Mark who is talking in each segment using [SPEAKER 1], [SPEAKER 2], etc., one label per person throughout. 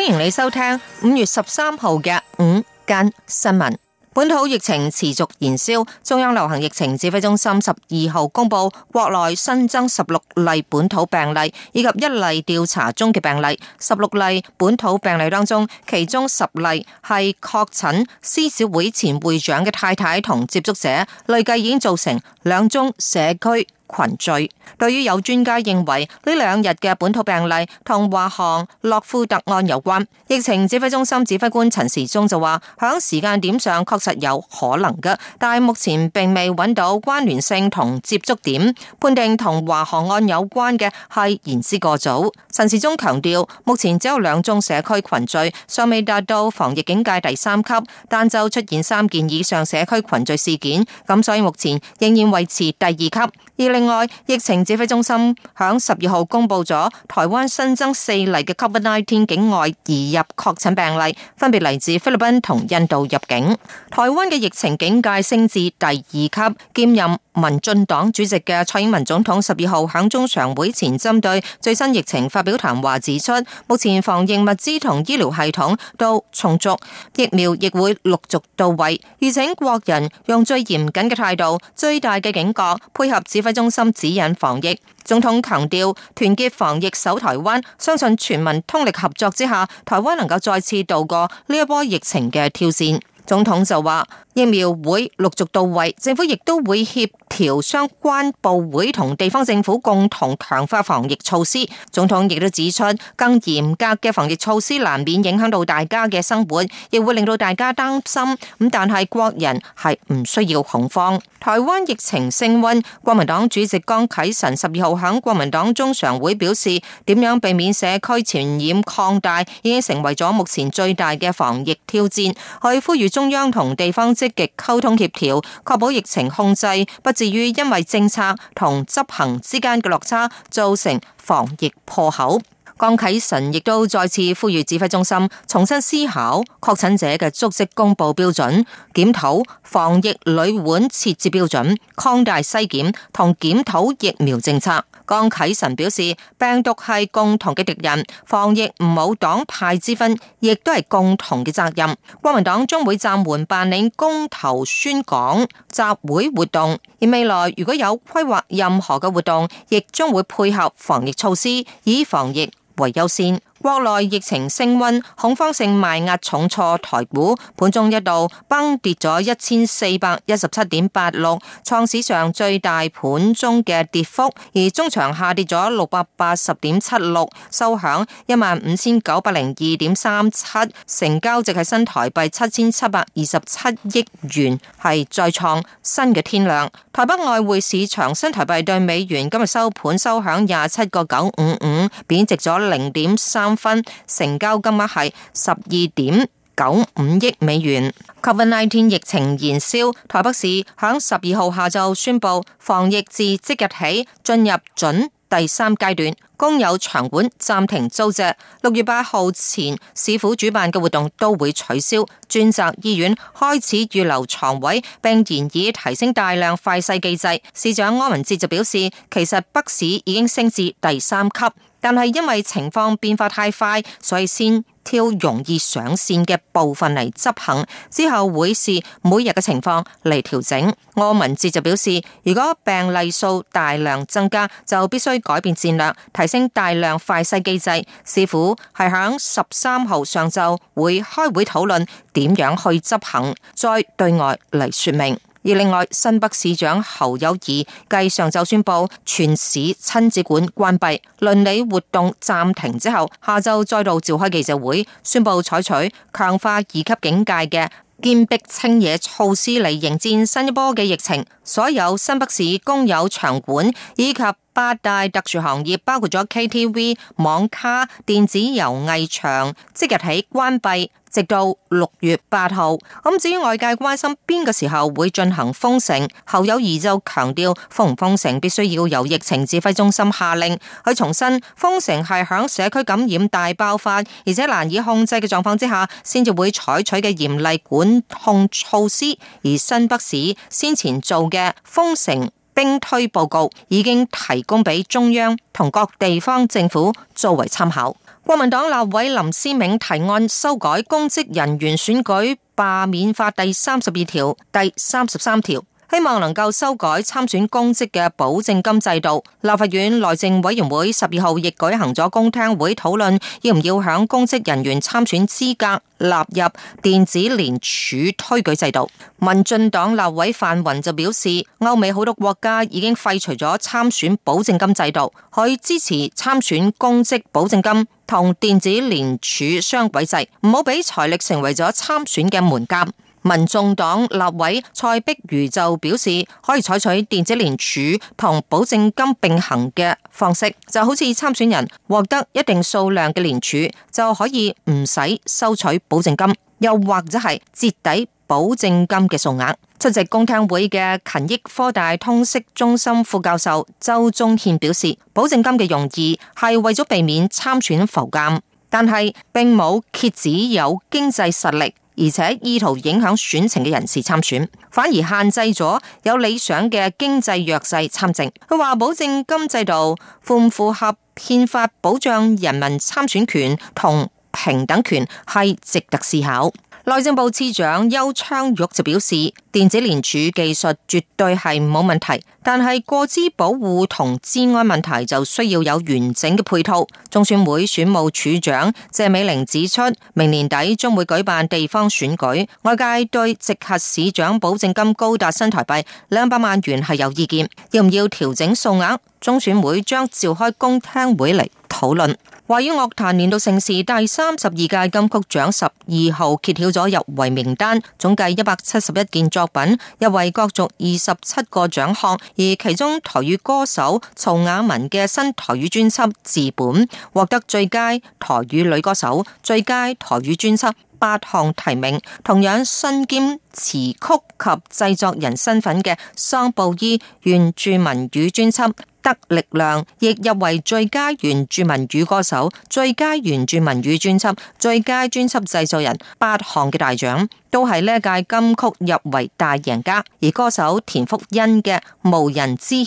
[SPEAKER 1] 歡迎你收聽五月十三號嘅午間新聞。本土疫情持續燃燒，中央流行疫情指揮中心十二號公布，國內新增十六例本土病例以及一例調查中嘅病例。十六例本土病例當中，其中十例係確診施小會前會長嘅太太同接觸者，累計已經造成兩宗社區。群聚，對於有專家認為呢兩日嘅本土病例同華航諾富特案有關，疫情指揮中心指揮官陳時中就話：響時間點上確實有可能嘅，但係目前並未揾到關聯性同接觸點，判定同華航案有關嘅係言之過早。陳時中強調，目前只有兩宗社區群聚，尚未達到防疫警戒第三級，但就出現三件以上社區群聚事件，咁所以目前仍然維持第二級。另外，疫情指揮中心喺十二號公布咗台灣新增四例嘅 COVID-19 境外移入確診病例，分別嚟自菲律賓同印度入境。台灣嘅疫情警戒升至第二級，兼任民進黨主席嘅蔡英文總統十二號喺中常會前針對最新疫情發表談話，指出目前防疫物資同醫療系統都充足，疫苗亦會陸續到位，籲請國人用最嚴謹嘅態度、最大嘅警覺配合指揮中心指引防疫。總統強調團結防疫、守台灣，相信全民通力合作之下，台灣能夠再次度過呢一波疫情嘅挑戰。總統就話。疫苗會陸續到位，政府亦都會協調相關部會同地方政府共同強化防疫措施。總統亦都指出，更嚴格嘅防疫措施難免影響到大家嘅生活，亦會令到大家擔心。咁但係國人係唔需要恐慌。台灣疫情升溫，國民黨主席江啟臣十二號喺國民黨中常會表示，點樣避免社區傳染擴大已經成為咗目前最大嘅防疫挑戰。佢呼籲中央同地方職。積極溝通協調，確保疫情控制，不至於因為政策同執行之間嘅落差，造成防疫破口。江啟臣亦都再次呼籲指揮中心重新思考確診者嘅足跡公布標準、檢討防疫旅館設置標準、擴大篩檢同檢討疫苗政策。江啟臣表示，病毒係共同嘅敵人，防疫唔冇黨派之分，亦都係共同嘅責任。國民黨將會暫緩辦理公投宣講集會活動，而未來如果有規劃任何嘅活動，亦將會配合防疫措施以防疫為優先，國內疫情升温，恐慌性賣壓重挫台股，盤中一度崩跌咗一千四百一十七點八六，創史上最大盤中嘅跌幅，而中場下跌咗六百八十點七六，收響一萬五千九百零二點三七，成交值係新台幣七千七百二十七億元，係再創新嘅天量。台北外匯市場新台幣對美元今日收盤收響廿七個九五五，貶值咗。零點三分，成交金額係十二點九五億美元。COVID-19 疫情燃燒，台北市響十二號下晝宣布防疫自即日起進入準第三階段，公有場館暫停租借，六月八號前市府主辦嘅活動都會取消。專責醫院開始預留床位，並現已提升大量快篩機制。市長柯文哲就表示，其實北市已經升至第三級。但係因為情況變化太快，所以先挑容易上線嘅部分嚟執行，之後會視每日嘅情況嚟調整。柯文哲就表示，如果病例數大量增加，就必須改變戰略，提升大量快篩機制。市府係響十三號上晝會開會討論點樣去執行，再對外嚟說明。而另外，新北市長侯友宜繼上晝宣布全市親子館關閉、倫理活動暫停之後，下晝再度召開記者會，宣布採取強化二級警戒嘅堅壁清野措施嚟迎戰新一波嘅疫情。所有新北市公有場館以及八大特殊行業，包括咗 KTV、網咖、電子遊藝場，即日起關閉。直到六月八號。咁，至於外界關心邊個時候會進行封城，侯友宜就強調封唔封城必須要由疫情指揮中心下令。佢重申封城係喺社區感染大爆發而且難以控制嘅狀況之下，先至會採取嘅嚴厲管控措施。而新北市先前做嘅封城。經推報告已經提供俾中央同各地方政府作為參考。國民黨立委林思銘提案修改公職人員選舉罷免法第三十二條、第三十三條。希望能夠修改參選公職嘅保證金制度。立法院內政委員會十二號亦舉行咗公聽會討論，要唔要向公職人員參選資格納入電子聯署推舉制度？民進黨立委范雲就表示，歐美好多國家已經廢除咗參選保證金制度，佢支持參選公職保證金同電子聯署雙軌制，唔好俾財力成為咗參選嘅門檻。民眾黨立委蔡碧如就表示，可以採取電子連署同保證金並行嘅方式，就好似參選人獲得一定數量嘅連署，就可以唔使收取保證金，又或者係折抵保證金嘅數額。出席公聽會嘅勤益科大通識中心副教授周宗憲表示，保證金嘅用意係為咗避免參選浮監，但係並冇竭止有經濟實力。而且意圖影響選情嘅人士參選，反而限制咗有理想嘅經濟弱勢參政。佢話保證金制度符唔符合憲法保障人民參選權同平等權，係值得思考。內政部次長邱昌玉就表示。電子連署技術絕對係冇問題，但係個資保護同治安問題就需要有完整嘅配套。中選會選務處長謝美玲指出，明年底將會舉辦地方選舉，外界對直轄市長保證金高達新台幣兩百萬元係有意見，要唔要調整數額？中選會將召開公聽會嚟討論。位於樂壇年度盛事第三十二屆金曲獎十二號揭曉咗入圍名單，總計一百七十一件作。作品又為角逐二十七個獎項，而其中台語歌手曹雅雯嘅新台語專輯《自本》獲得最佳台語女歌手、最佳台語專輯八項提名，同樣身兼詞曲及製作人身份嘅桑布伊原住民語專輯。得力量亦入圍最佳原住民語歌手、最佳原住民語專輯、最佳專輯製作人八項嘅大獎，都係呢一屆金曲入圍大贏家。而歌手田馥甄嘅《無人知曉》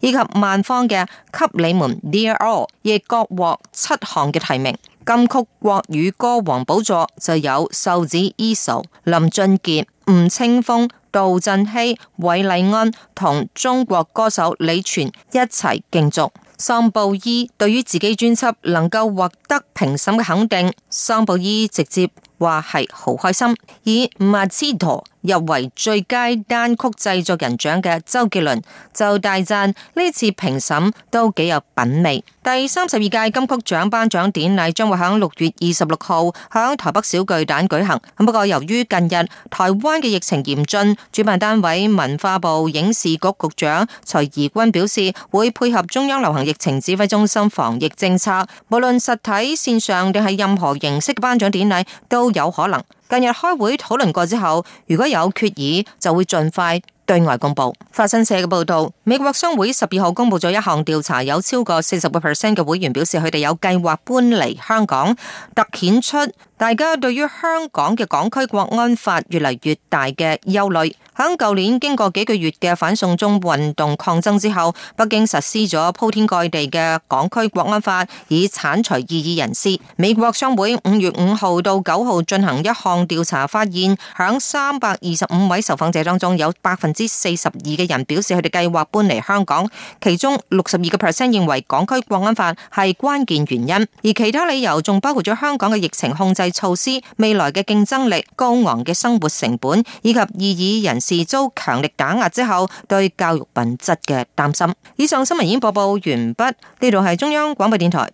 [SPEAKER 1] 以及萬芳嘅《給你們 Dear All》亦各獲七項嘅提名。金曲國語歌王寶座就有瘦子 E.SO、林俊傑、吳青峰。杜振熙、韋禮安同中國歌手李泉一齊競逐。桑布伊對於自己專輯能夠獲得評審嘅肯定，桑布伊直接話係好開心。以五阿之陀。入圍最佳單曲製作人獎嘅周杰倫就大讚呢次評審都幾有品味。第三十二屆金曲獎頒獎典禮將會喺六月二十六號響台北小巨蛋舉行。不過由於近日台灣嘅疫情嚴峻，主辦單位文化部影視局局長徐宜君表示，會配合中央流行疫情指揮中心防疫政策，無論實體線上定係任何形式嘅頒獎典禮都有可能。近日開會討論過之後，如果有決議，就會盡快對外公布。法新社嘅報導，美國商會十二號公布咗一項調查，有超過四十個 percent 嘅會員表示佢哋有計劃搬離香港，突顯出大家對於香港嘅港區國安法越嚟越大嘅憂慮。喺舊年經過幾個月嘅反送中運動抗爭之後，北京實施咗鋪天蓋地嘅港區國安法，以鏟除異議人士。美國商會五月五號到九號進行一項調查，發現響三百二十五位受訪者當中，有百分之四十二嘅人表示佢哋計劃搬離香港，其中六十二個 percent 認為港區國安法係關鍵原因，而其他理由仲包括咗香港嘅疫情控制措施、未來嘅競爭力、高昂嘅生活成本以及異議人士。自遭強力打壓之後，對教育品質嘅擔心。以上新聞已經播報完畢，呢度係中央廣播電台。